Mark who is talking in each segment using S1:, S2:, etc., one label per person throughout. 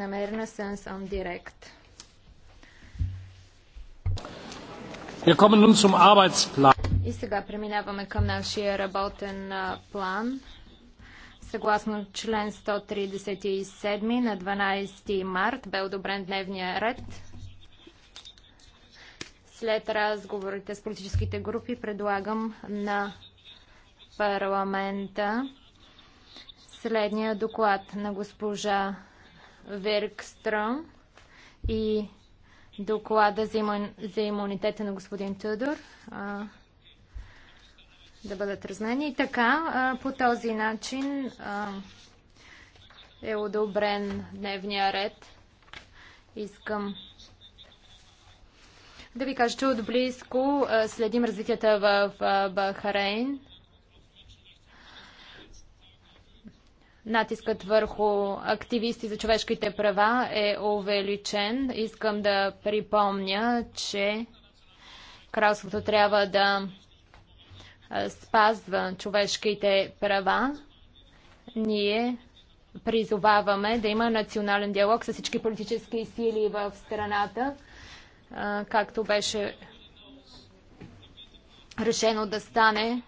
S1: намерена Сансон Директ. И сега преминаваме към нашия работен план. Съгласно член 137 на 12 март бе одобрен дневния ред. След разговорите с политическите групи предлагам на парламента следния доклад на госпожа Веркстръм и доклада за, имун... за имунитета на господин Тудор. а, да бъдат разнени. И така, а, по този начин а, е одобрен дневния ред. Искам да ви кажа, че отблизко следим развитията в Бахарейн. Натискът върху активисти за човешките права е увеличен. Искам да припомня, че кралството трябва да спазва човешките права. Ние призоваваме да има национален диалог с всички политически сили в страната, както беше решено да стане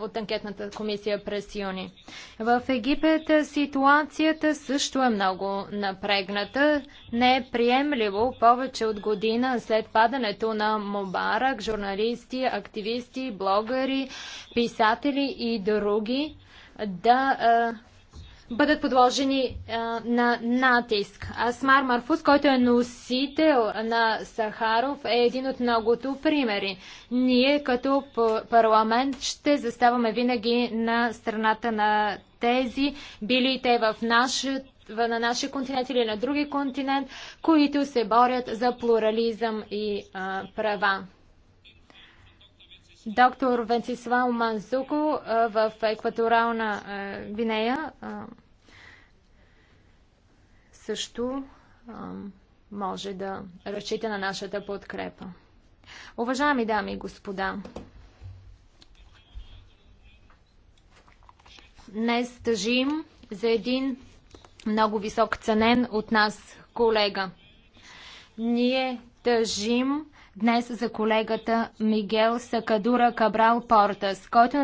S1: от анкетната комисия през юни. В Египет ситуацията също е много напрегната. Не е приемливо повече от година след падането на Мобарак, журналисти, активисти, блогъри, писатели и други да бъдат подложени а, на натиск. Асмар Марфус, който е носител на Сахаров, е един от многото примери. Ние като парламент ще заставаме винаги на страната на тези, били те в нашата на нашия континент или на други континент, които се борят за плурализъм и а, права. Доктор Венцислав Манзуко в екваторална Гвинея също може да разчита на нашата подкрепа. Уважаеми дами и господа, днес тъжим за един много висок ценен от нас колега. Ние тъжим днес за колегата Мигел Сакадура Кабрал Портас, който